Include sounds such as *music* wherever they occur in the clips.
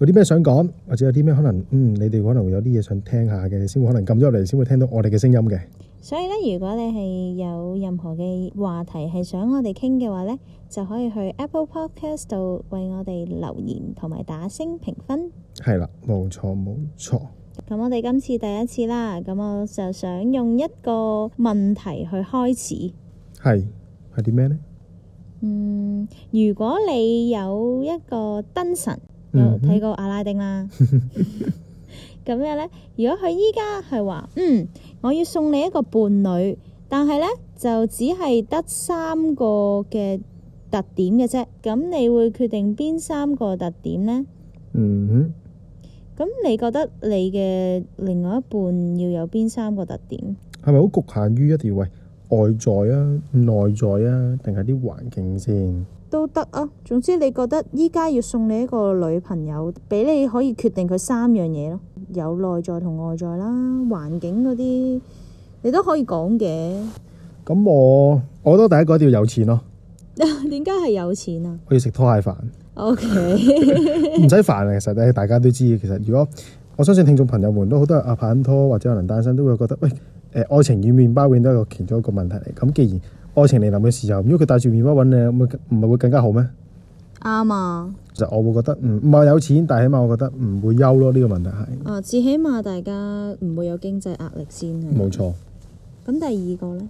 有啲咩想講，或者有啲咩可能，嗯，你哋可能會有啲嘢想聽下嘅，先會可能撳咗入嚟，先會聽到我哋嘅聲音嘅。所以咧，如果你係有任何嘅話題係想我哋傾嘅話咧，就可以去 Apple Podcast 度為我哋留言同埋打星評分。係啦，冇錯冇錯。咁我哋今次第一次啦，咁我就想用一個問題去開始。係，係啲咩咧？嗯，如果你有一個燈神。睇、mm hmm. 過阿拉丁啦，咁樣呢，如果佢而家係話，嗯，我要送你一個伴侶，但係呢，就只係得三個嘅特點嘅啫，咁你會決定邊三個特點呢？嗯、mm，咁、hmm. 你覺得你嘅另外一半要有邊三個特點？係咪好局限於一條喂外在啊、內在啊，定係啲環境先？都得啊！總之你覺得依家要送你一個女朋友，俾你可以決定佢三樣嘢咯。有內在同外在啦，環境嗰啲你都可以講嘅。咁我我都第一個一定要有錢咯。點解係有錢啊？可以食拖鞋飯。OK，唔使煩，其實大家都知，其實，如果我相信聽眾朋友們都好多阿拍緊拖或者可能單身都會覺得喂，誒、呃，愛情與麪包永遠都係個其中一個問題嚟。咁既然愛情嚟臨嘅時候，如果佢帶住麪包揾你，唔係唔係會更加好咩？啱、嗯、啊！其實我會覺得唔唔係有錢，但起碼我覺得唔會憂咯。呢、這個問題係啊，至起碼大家唔會有經濟壓力先冇錯。咁錯第二個咧？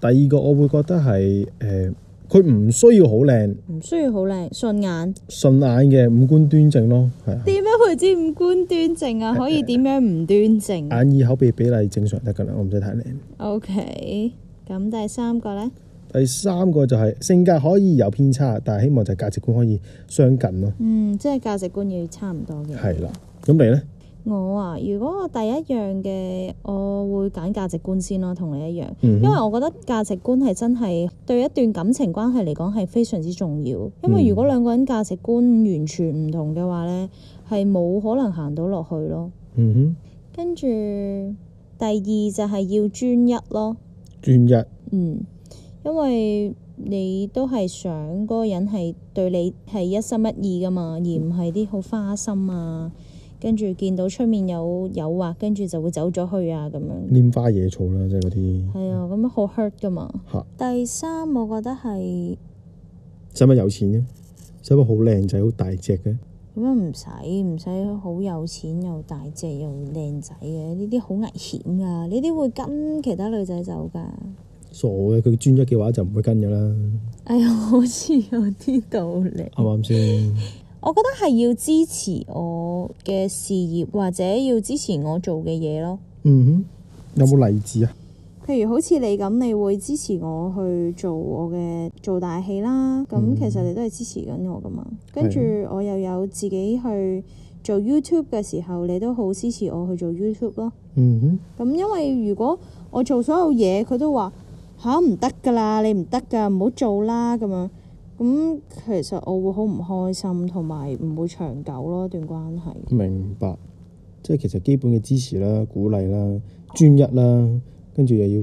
第二個我會覺得係誒，佢、呃、唔需要好靚，唔需要好靚順眼，順眼嘅五官端正咯。係啊。點樣去知五官端正啊？是可以點樣唔端正、呃呃？眼耳口鼻比例正常得噶啦，我唔使太靚。O、okay、K。咁第三個呢？第三個就係性格可以有偏差，但係希望就係價值觀可以相近咯啊。嗯，即係價值觀要差唔多嘅。係啦，咁你呢？我啊，如果我第一樣嘅，我會揀價值觀先咯啊，同你一樣，嗯哼。因為我覺得價值觀係真係對一段感情關係嚟講係非常之重要。因為如果兩個人價值觀完全唔同嘅話呢，係冇可能行到落去咯。嗯哼。跟住第二就係要專一咯。專一，嗯，因為你都係想嗰個人係對你係一心一意噶嘛，而唔係啲好花心啊，跟住見到出面有誘惑，跟住就會走咗去啊咁樣。拈花惹草啦，即係嗰啲。係啊，咁樣好 hurt 噶嘛。嚇！ *laughs* 第三，我覺得係使乜有錢啫，使乜好靚仔，好大隻嘅。咁樣唔使唔使好有錢又大隻又靚仔嘅呢啲好危險㗎，呢啲會跟其他女仔走㗎。傻嘅，佢專一嘅話就唔會跟㗎啦。哎呀，好似有啲道理。啱唔啱先？我覺得係要支持我嘅事業，或者要支持我做嘅嘢咯。嗯哼，有冇例子啊？譬如好似你咁，你會支持我去做我嘅做大戲啦。咁其實你都係支持緊我㗎嘛。跟住我又有自己去做 YouTube 嘅時候，你都好支持我去做 YouTube 咯。嗯哼。咁因為如果我做所有嘢，佢都話吓唔得㗎啦，你唔得㗎，唔好做啦。咁樣咁其實我會好唔開心，同埋唔會長久咯。一段關係。明白，即係其實基本嘅支持啦、鼓勵啦、專一啦。跟住又要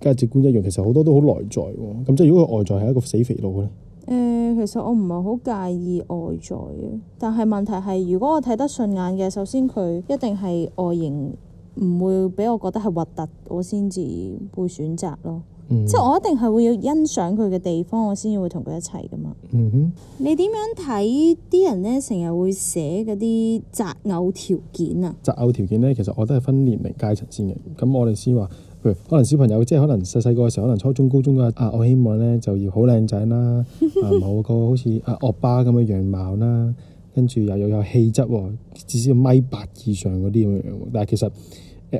價值觀一樣，其實好多都好內在喎。咁即係如果佢外在係一個死肥佬咧？誒、呃，其實我唔係好介意外在嘅，但係問題係，如果我睇得順眼嘅，首先佢一定係外形唔會俾我覺得係核突，我先至會選擇咯。嗯、哼即係我一定係會要欣賞佢嘅地方，我先至會同佢一齊噶嘛。嗯哼，你點樣睇啲人咧？成日會寫嗰啲擇偶條件啊？擇偶條件咧，其實我都係分年齡階層先嘅。咁我哋先話。可能小朋友即係可能細細個嘅時候，可能初中、高中嘅啊，我希望咧就要、 *laughs* 啊、好靚仔啦，唔好個好似啊惡霸咁嘅樣貌啦，跟住又要有氣質，喎，至少要米八以上嗰啲咁樣，樣，但係其實誒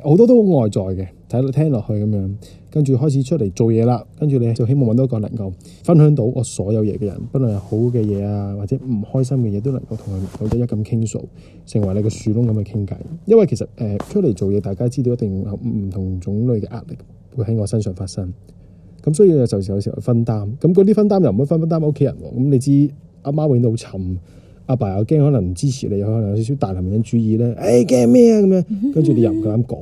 好、呃、多都好外在嘅。睇落去咁樣，跟住開始出嚟做嘢啦，跟住你就希望揾到一個能夠分享到我所有嘢嘅人，不論係好嘅嘢啊，或者唔開心嘅嘢都能夠同佢有一一咁傾訴，成為你嘅樹窿咁去傾偈。因為其實誒、呃、出嚟做嘢，大家知道一定有唔同種類嘅壓力會喺我身上發生。咁所以就有時有時分擔，咁嗰啲分擔又唔會分分擔屋企人喎。咁你知阿媽會好沉，阿爸，爸又驚可能唔支持你，又可能有少少大男人主義咧。誒驚咩啊咁樣，跟住 *laughs* 你又唔夠膽講。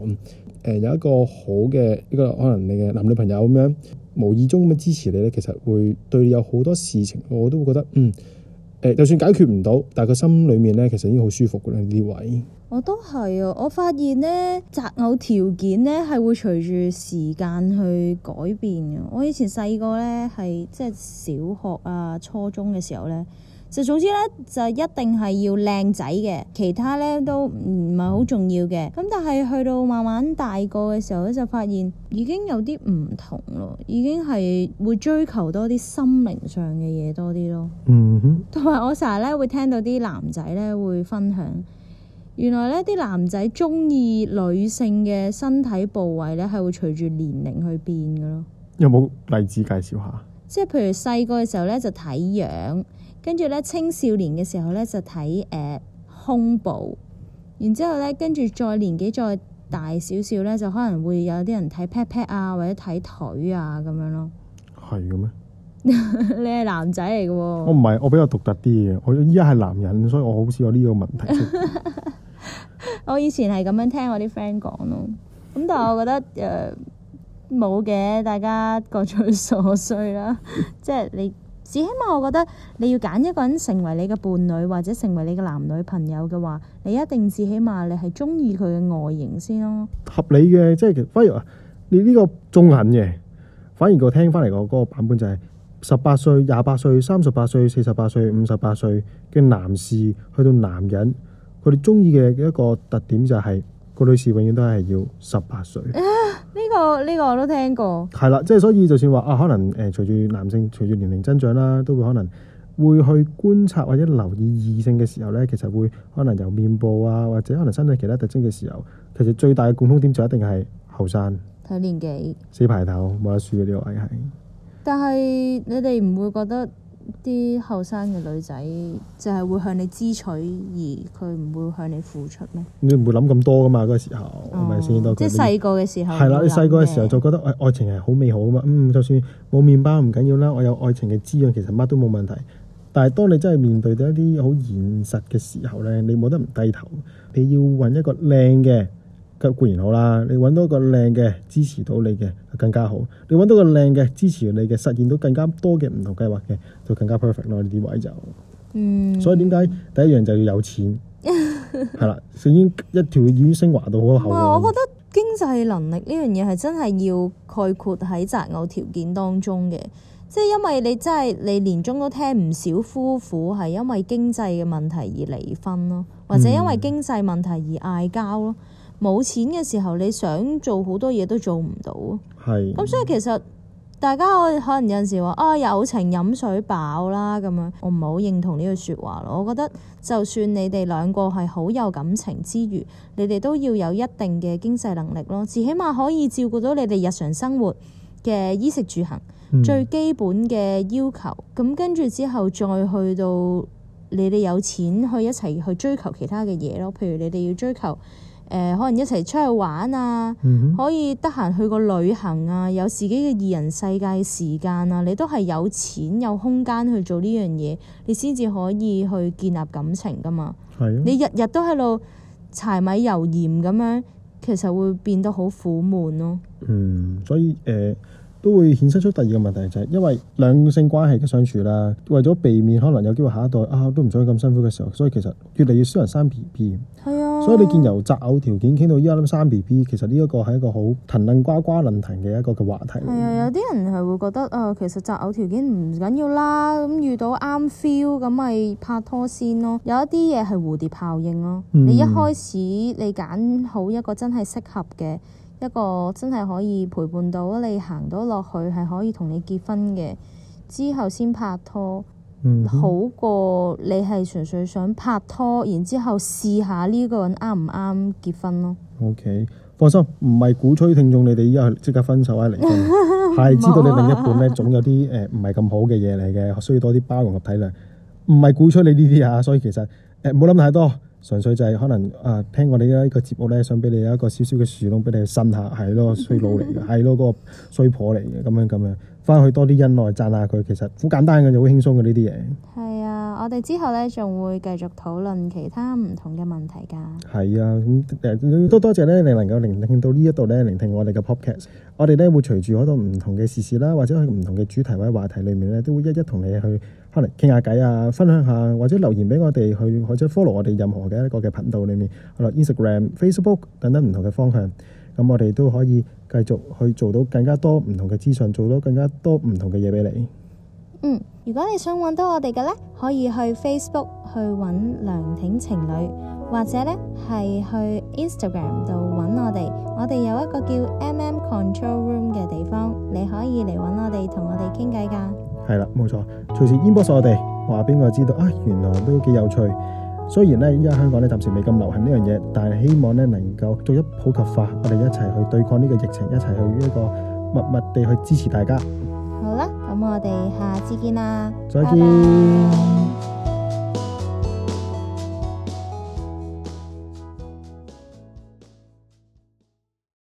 誒、呃、有一個好嘅一個可能你嘅男女朋友咁樣，無意中咁樣支持你咧，其實會對你有好多事情，我都會覺得嗯誒、呃，就算解決唔到，但係個心裏面咧，其實已經好舒服㗎啦呢位。我都係啊，我發現咧擇偶條件咧係會隨住時間去改變嘅。我以前細個咧係即係小學啊、初中嘅時候咧，就總之咧，就一定係要靚仔嘅，其他咧都唔係好重要嘅。咁但係去到慢慢大個嘅時候咧，就發現已經有啲唔同咯，已經係會追求多啲心靈上嘅嘢多啲咯。嗯哼，同埋我成日咧會聽到啲男仔咧會分享，原來咧啲男仔中意女性嘅身體部位咧係會隨住年齡去變㗎咯。有冇例子介紹下？即係譬如細個嘅時候咧，就睇樣。跟住咧，青少年嘅時候咧，就睇誒、呃、胸部，然之後咧，跟住再年紀再大少少咧，就可能會有啲人睇 pat pat 啊，或者睇腿啊咁樣咯。係嘅咩？ *laughs* 你係男仔嚟嘅喎。我唔係，我比較獨特啲嘅。我依家係男人，所以我好似少有呢個問題。我以前係咁樣聽我啲 friend 講咯，咁但係我覺得誒冇嘅，大家各取所需啦。即、就、係、是、你。 *laughs* 至起碼，我覺得你要揀一個人成為你嘅伴侶，或者成為你嘅男女朋友嘅話，你一定至起碼你係中意佢嘅外形先咯。合理嘅，即係反而你呢個仲狠嘅，反而我聽翻嚟個嗰個版本就係十八歲、廿八歲、三十八歲、四十八歲、五十八歲嘅男士去到男人，佢哋中意嘅一個特點就係、是。個女士永遠都係要十八歲，呢、啊這個呢、這個我都聽過。係啦，即 *noise* 係所以就算話啊，可能誒，隨、呃、住男性隨住年齡增長啦、啊，都會可能會去觀察或者留意異性嘅時候咧，其實會可能由面部啊，或者可能身體其他特徵嘅時候，其實最大嘅共通點就一定係後生，睇年紀，四排頭冇得輸嘅呢個位係。但係你哋唔會覺得？啲後生嘅女仔就係會向你支取，而佢唔會向你付出咩？你唔會諗咁多噶嘛，嗰個時候係咪先？即係細個嘅時候，係啦，你細個嘅時候就覺得誒，愛情係好美好啊嘛，嗯，就算冇麵包唔緊要啦，我有愛情嘅滋養，其實乜都冇問題。但係當你真係面對到一啲好現實嘅時候咧，你冇得唔低頭，你要搵一個靚嘅。固然好啦，你揾到個靚嘅支持到你嘅更加好。你揾到個靚嘅支持你嘅，實現到更加多嘅唔同計劃嘅，就更加 perfect 咯。呢啲位就，嗯，所以點解第一樣就要有錢，係 *laughs* 啦，已經一條魚升華到好厚喎、啊。我覺得經濟能力呢樣嘢係真係要概括喺擇偶條件當中嘅，即係因為你真係你年中都聽唔少夫婦係因為經濟嘅問題而離婚咯，或者因為經濟問題而嗌交咯。嗯。冇錢嘅時候，你想做好多嘢都做唔到。係咁是，所以其實大家可能有陣時話啊，友情飲水飽啦咁樣，我唔係好認同呢句説話咯。我覺得，就算你哋兩個係好有感情之餘，你哋都要有一定嘅經濟能力咯，至起碼可以照顧到你哋日常生活嘅衣食住行、嗯、最基本嘅要求。咁跟住之後，再去到你哋有錢去一齊去追求其他嘅嘢咯，譬如你哋要追求。誒、呃、可能一齊出去玩啊，嗯、哼可以得閒去個旅行啊，有自己嘅二人世界時間啊，你都係有錢有空間去做呢樣嘢，你先至可以去建立感情㗎嘛。啊、你日日都喺度柴米油鹽咁樣，其實會變得好苦悶咯。嗯，所以誒、呃、都會衍生出第二個問題就係、是，因為兩性關係嘅相處啦，為咗避免可能有機會下一代啊都唔想咁辛苦嘅時候，所以其實越嚟越少人生 B B。係啊。Uh, 所以你見由擇偶條件傾到依家諗生 B B，其實呢一個係一個好騰騰呱呱論壇嘅一個嘅話題。係啊，有啲人係會覺得啊、呃，其實擇偶條件唔緊要啦，咁遇到啱 feel 咁咪拍拖先咯。有一啲嘢係蝴蝶效應咯。嗯、你一開始你揀好一個真係適合嘅一個真係可以陪伴到你行到落去係可以同你結婚嘅之後先拍拖。Mm hmm. 好過你係純粹想拍拖，然之後試下呢個人啱唔啱結婚咯。OK，放心，唔係鼓吹聽眾你哋依家即刻分手啊嚟嘅，係 *laughs* 知道你另一半咧別 總有啲誒唔係咁好嘅嘢嚟嘅，需要多啲包容同體諒。唔係鼓吹你呢啲啊，所以其實誒唔好諗太多，純粹就係可能啊、呃、聽我哋依個節目咧，想俾你有一個少少嘅樹窿俾你呻下，係咯衰佬嚟嘅，係 *laughs* 咯嗰、嗰個衰婆嚟嘅，咁樣咁樣。翻去多啲恩愛，讚下佢，其實好簡單嘅啫，好輕鬆嘅呢啲嘢。係啊，我哋之後咧仲會繼續討論其他唔同嘅問題㗎。係啊，咁誒都多謝咧，你能夠聆聽到呢一度咧，聆聽我哋嘅 Podcast。我哋咧會隨住好多唔同嘅時事啦，或者去唔同嘅主題或者話題裡面咧，都會一一同你去返嚟傾下偈啊，分享下或者留言俾我哋去或者 follow 我哋任何嘅一個嘅頻道裡面，或者 Instagram、Facebook 等等唔同嘅方向。咁我哋都可以。繼續去做到更加多唔同嘅資訊，做到更加多唔同嘅嘢俾你。嗯，如果你想揾到我哋嘅呢，可以去 Facebook 去揾樑婷情侶，或者呢係去 Instagram 度揾我哋。我哋有一個叫 MM Control Room 嘅地方，你可以嚟揾我哋，同我哋傾偈㗎。係啦，冇錯，隨時 inbox 我哋，話邊個知道啊？原來都幾有趣。雖然呢，而家香港咧暫時未咁流行呢樣嘢，但係希望呢能夠做一普及化，我哋一齊去對抗呢個疫情，一齊去一個默默地去支持大家。好啦，咁我哋下次見啦，再見。Bye bye。